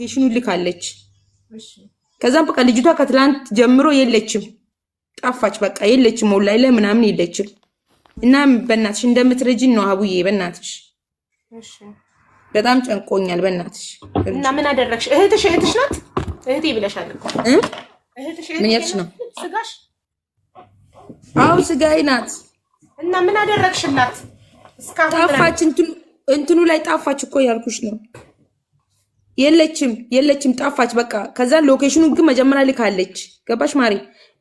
ሎኬሽኑ ልካለች። ከዛም በቃ ልጅቷ ከትላንት ጀምሮ የለችም፣ ጠፋች። በቃ የለችም፣ ኦንላይን ላይ ምናምን የለችም። እና በእናትሽ እንደምትረጂን ነው አቡዬ፣ በእናትሽ በጣም ጨንቆኛል፣ በእናትሽ እና ምን አደረግሽ? እህትሽ እህትሽ ናት እህቴ ብለሻል እኮ ምን ያልሽ ነው? ስጋሽ አዎ ስጋዬ ናት። እና ምን አደረግሽላት? ጠፋች፣ እንትኑ ላይ ጠፋች እኮ ያልኩሽ ነው። የለችም የለችም፣ ጠፋች። በቃ ከዛ ሎኬሽኑ ግን መጀመሪያ ልካለች። ገባሽ ማሪ?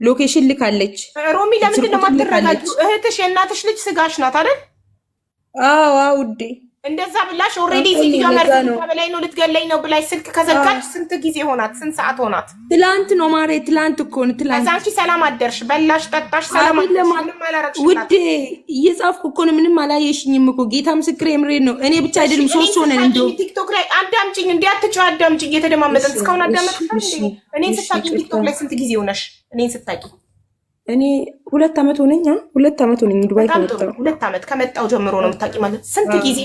ሎኬሽን ልካለች። ሮሚ ለምንድን ነው የማትረጋጁ? እህትሽ የእናትሽ ልጅ ስጋሽ ናት አይደል? አዎ ውዴ እንደዛ ብላሽ ኦልሬዲ ሴትዮዋ መርዝ በላይ ነው ልትገለኝ ነው ብላይ ስልክ ከዘጋች ስንት ጊዜ ሆናት? ስንት ሰዓት ሆናት? ትላንት ነው ማሬ፣ ትላንት እኮ ነው ትላንት። ከዛ አንቺ ሰላም አደርሽ፣ በላሽ፣ ጠጣሽ፣ ሰላም አደርሽ። ውዴ እየጻፍኩ እኮ ነው፣ ምንም አላየሽኝም እኮ ጌታ ምስክሬ፣ የምሬን ነው። እኔ ብቻ አይደለም ሶስት ሆነን እንደው ቲክቶክ ላይ አዳምጪኝ፣ እንዴ አትጪው፣ አዳምጪኝ። እየተደማመጠን እስካሁን አዳመጥሽ። እኔን ስታቂ ቲክቶክ ላይ ስንት ጊዜ ሆነሽ? እኔን ስታቂ እኔ ሁለት አመት ሆነኛ፣ ሁለት አመት ሆነኝ ዱባይ ከመጣሁ። ሁለት አመት ከመጣሁ ጀምሮ ነው የምታውቂ ማለት ስንት ጊዜ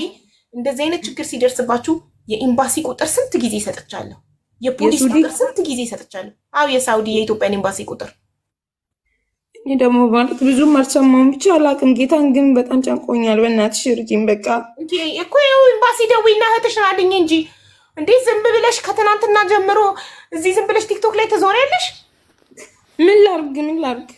እንደዚህ አይነት ችግር ሲደርስባችሁ የኤምባሲ ቁጥር ስንት ጊዜ ይሰጥቻለሁ? የፖሊስ ቁጥር ስንት ጊዜ ይሰጥቻለሁ? አዎ የሳውዲ የኢትዮጵያን ኤምባሲ ቁጥር እኔ ደግሞ ማለት ብዙም አልሰማሁም፣ ብቻ አላውቅም። ጌታን ግን በጣም ጨንቆኛል። በእናትሽ እርጂኝ በቃ እኮ ኤምባሲ ደውይና እህትሽን አድኝ እንጂ እንዴ ዝም ብለሽ ከትናንትና ጀምሮ እዚህ ዝም ብለሽ ቲክቶክ ላይ ትዞሪያለሽ። ምን ላርግ ምን ላርግ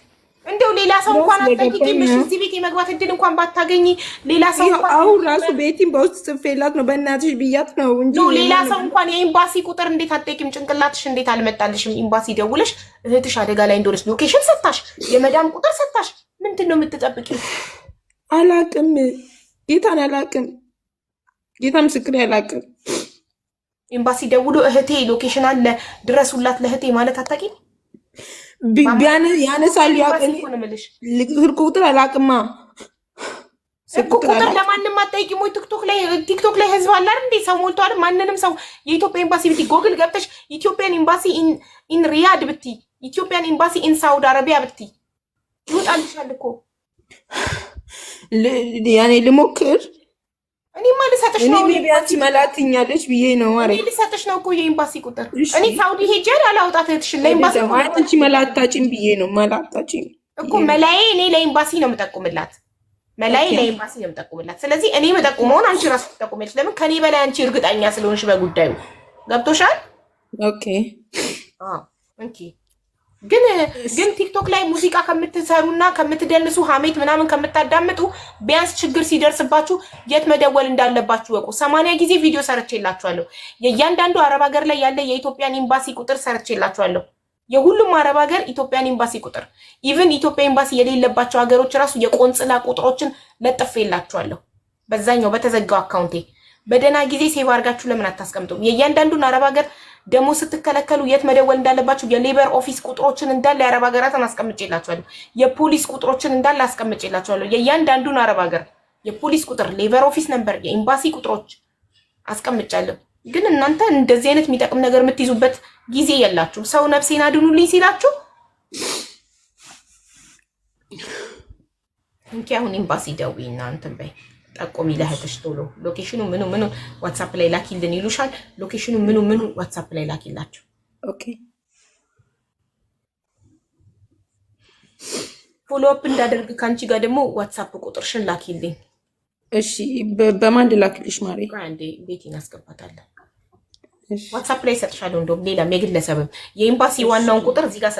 እንደው ሌላ ሰው እንኳን አትጠይቂም። እሺ እዚህ ቤት የመግባት እድል እንኳን ባታገኝ ሌላ ሰው እንኳን አሁን ራሱ ቤቲን በውስጥ ጽፌላት ነው በእናትሽ ብያት ነው እንጂ ሌላ ሰው እንኳን የኤምባሲ ቁጥር እንዴት አትጠይቂም? ጭንቅላትሽ እንዴት አልመጣልሽም? ኤምባሲ ደውለሽ እህትሽ አደጋ ላይ እንደሆነች ሎኬሽን ሰታሽ፣ የመዳም ቁጥር ሰታሽ፣ ምንድን ነው የምትጠብቂ? አላቅም፣ ጌታን አላቅም፣ ጌታ ምስክሬ አላቅም። ኤምባሲ ደውሎ እህቴ ሎኬሽን አለ ድረሱላት ለእህቴ ማለት አታውቂም? ያነሳል ስልክ ቁጥር አላቅማ ቁጥር ለማንም ቲክቶክ ላይ ቲክቶክ ላይ ህዝብ አለ እንዴ? ሰው ሞልቷል። ማንንም ሰው የኢትዮጵያ ኤምባሲ ብቲ ጎግል ገብተሽ ኢትዮጵያን ኤምባሲ ኢን ሪያድ ብቲ ኢትዮጵያን ኤምባሲ ኢን ሳውዲ አረቢያ ብቲ ይወጣልሻል እኮ ያኔ ልሞክር እኔ ቢያንስ መላት ብዬ ነው ማለት ልሰጥሽ ነው እኮ የኤምባሲ ቁጥር እኔ ሳውዲ ሄጄ አላውጣት እህትሽን ለኤምባሲ አንቺ መላታችን ብዬ ነው መላታችን እኮ መላዬ እኔ ለኤምባሲ ነው የምጠቁምላት መላዬ ለኤምባሲ ነው የምጠቁምላት ስለዚህ እኔ የምጠቁመውን አንቺ ራሱ ትጠቁሚያለሽ ለምን ከኔ በላይ አንቺ እርግጠኛ ስለሆንሽ በጉዳዩ ገብቶሻል ኦኬ ኦኬ ግን ግን ቲክቶክ ላይ ሙዚቃ ከምትሰሩና ከምትደንሱ ሀሜት ምናምን ከምታዳምጡ ቢያንስ ችግር ሲደርስባችሁ የት መደወል እንዳለባችሁ ወቁ። ሰማንያ ጊዜ ቪዲዮ ሰርቼላችኋለሁ። የእያንዳንዱ አረብ ሀገር ላይ ያለ የኢትዮጵያን ኤምባሲ ቁጥር ሰርቼላችኋለሁ። የሁሉም አረብ ሀገር ኢትዮጵያን ኤምባሲ ቁጥር ኢቭን ኢትዮጵያ ኤምባሲ የሌለባቸው ሀገሮች ራሱ የቆንጽላ ቁጥሮችን ለጥፌላችኋለሁ። በዛኛው በተዘጋው አካውንቴ በደህና ጊዜ ሴቭ አድርጋችሁ ለምን አታስቀምጡም? የእያንዳንዱን አረብ ሀገር ደግሞ ስትከለከሉ የት መደወል እንዳለባችሁ የሌበር ኦፊስ ቁጥሮችን እንዳለ የአረብ ሀገራትን አስቀምጬላችኋለሁ። የፖሊስ ቁጥሮችን እንዳለ አስቀምጬላችኋለሁ። የእያንዳንዱን አረብ ሀገር የፖሊስ ቁጥር፣ ሌበር ኦፊስ ነበር የኤምባሲ ቁጥሮች አስቀምጫለሁ። ግን እናንተ እንደዚህ አይነት የሚጠቅም ነገር የምትይዙበት ጊዜ የላችሁ። ሰው ነፍሴን አድኑልኝ ሲላችሁ እንኪ አሁን ኤምባሲ ደዊ እናንተን በይ ጠቁሚ ለእህትሽ ቶሎ ሎኬሽኑ ምኑ ምኑ ዋትሳፕ ላይ ላኪልን ይሉሻል። ሎኬሽኑ ምኑ ምኑ ዋትሳፕ ላይ ላኪላቸው። ኦኬ ፎሎአፕ እንዳደርግ ከአንቺ ጋር ደግሞ ዋትሳፕ ቁጥርሽን ላኪልኝ። እሺ በማንድ ላክልሽ ማሪ? አንዴ ቤቴን አስገባታለን። ዋትሳፕ ላይ ሰጥሻለሁ እንደውም ሌላም የግለሰብም የኤምባሲ ዋናውን ቁጥር እዚህ ጋር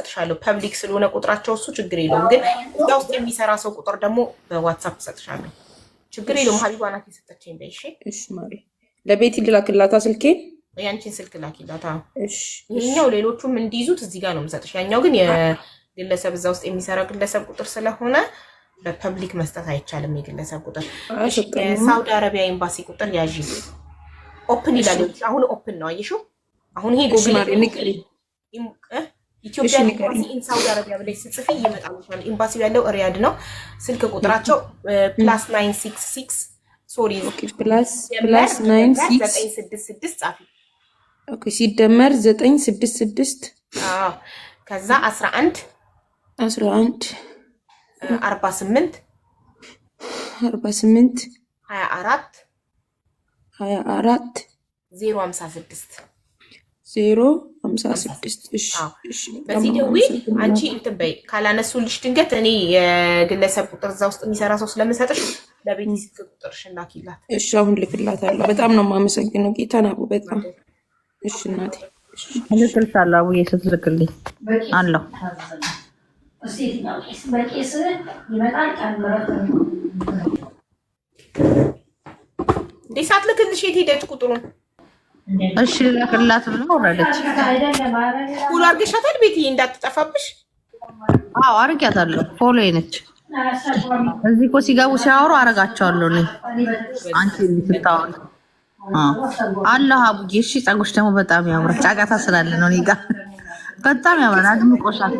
ፐብሊክ ስለሆነ ቁጥራቸው እሱ ችግር የለውም። ግን እዛ ውስጥ የሚሰራ ሰው ቁጥር ደግሞ በዋትሳፕ ሰጥሻለሁ። ችግር የለውም። ሀቢባ ናት የሰጠችኝ። በይ እሺ፣ ማሪ ለቤቲ ልላክላታ ስልኬ ያንቺን ስልክ ላኪላታ። ይህኛው ሌሎቹም እንዲይዙት እዚህ ጋር ነው የምሰጥሽ። ያኛው ግን የግለሰብ እዛ ውስጥ የሚሰራ ግለሰብ ቁጥር ስለሆነ በፐብሊክ መስጠት አይቻልም። የግለሰብ ቁጥር የሳውዲ አረቢያ ኤምባሲ ቁጥር ያዥ። ኦፕን ይላል። አሁን ኦፕን ነው አየሽው። አሁን ይሄ ጎግል ኢትዮጵያ ኤምባሲ ኢን ሳውዲ አረቢያ ብለሽ ስጽፊ ይመጣልሻል። ኤምባሲው ያለው ሪያድ ነው። ስልክ ቁጥራቸው ፕላስ ናይን ሲክስ ሲክስ ሶሪ ዘጠኝ ስድስት ስድስት ጻፊ ሲደመር ዘጠኝ ስድስት ስድስት ከዛ አስራ አንድ አስራ አንድ አርባ ስምንት አርባ ስምንት ሀያ አራት ሀያ አራት ዜሮ ሀምሳ ስድስት ዜሮ ሀምሳ ስድስት በዚህ ደውይ። አንቺ እንትን በይ ካላነሱልሽ ድንገት እኔ የግለሰብ ቁጥር እዛ ውስጥ የሚሰራ ሰው ስለምሰጥሽ ለቤት ስልክ ቁጥርሽን ላኪላት። እሺ አሁን ልክላታለሁ። በጣም ነው የማመሰግነው ጌታን አቡ በጣም እሺ እናቴ እልክልሻለሁ። አቡዬ ስትልክልኝ አለሁ በቄስ ይመጣል ቃል እንዴ ሳትልክልሽ የት ሄደች ቁጥሩን እሺ ልላክላት ብላ ወረደች። ሁሉ አርገሻታል ቤትዬ፣ እንዳትጠፋብሽ። አዎ አርጊያታለሁ። ፎሎ ነች። እዚህ እኮ ሲገቡ ሲያወሩ አረጋቸዋለሁ። እኔ አንቺ ስታወሪ አለሁ እሺ ጸጉሽ ደግሞ በጣም ያምራል። ስላለ ነው እኔ በጣም ያምራል። አድምቆሻል።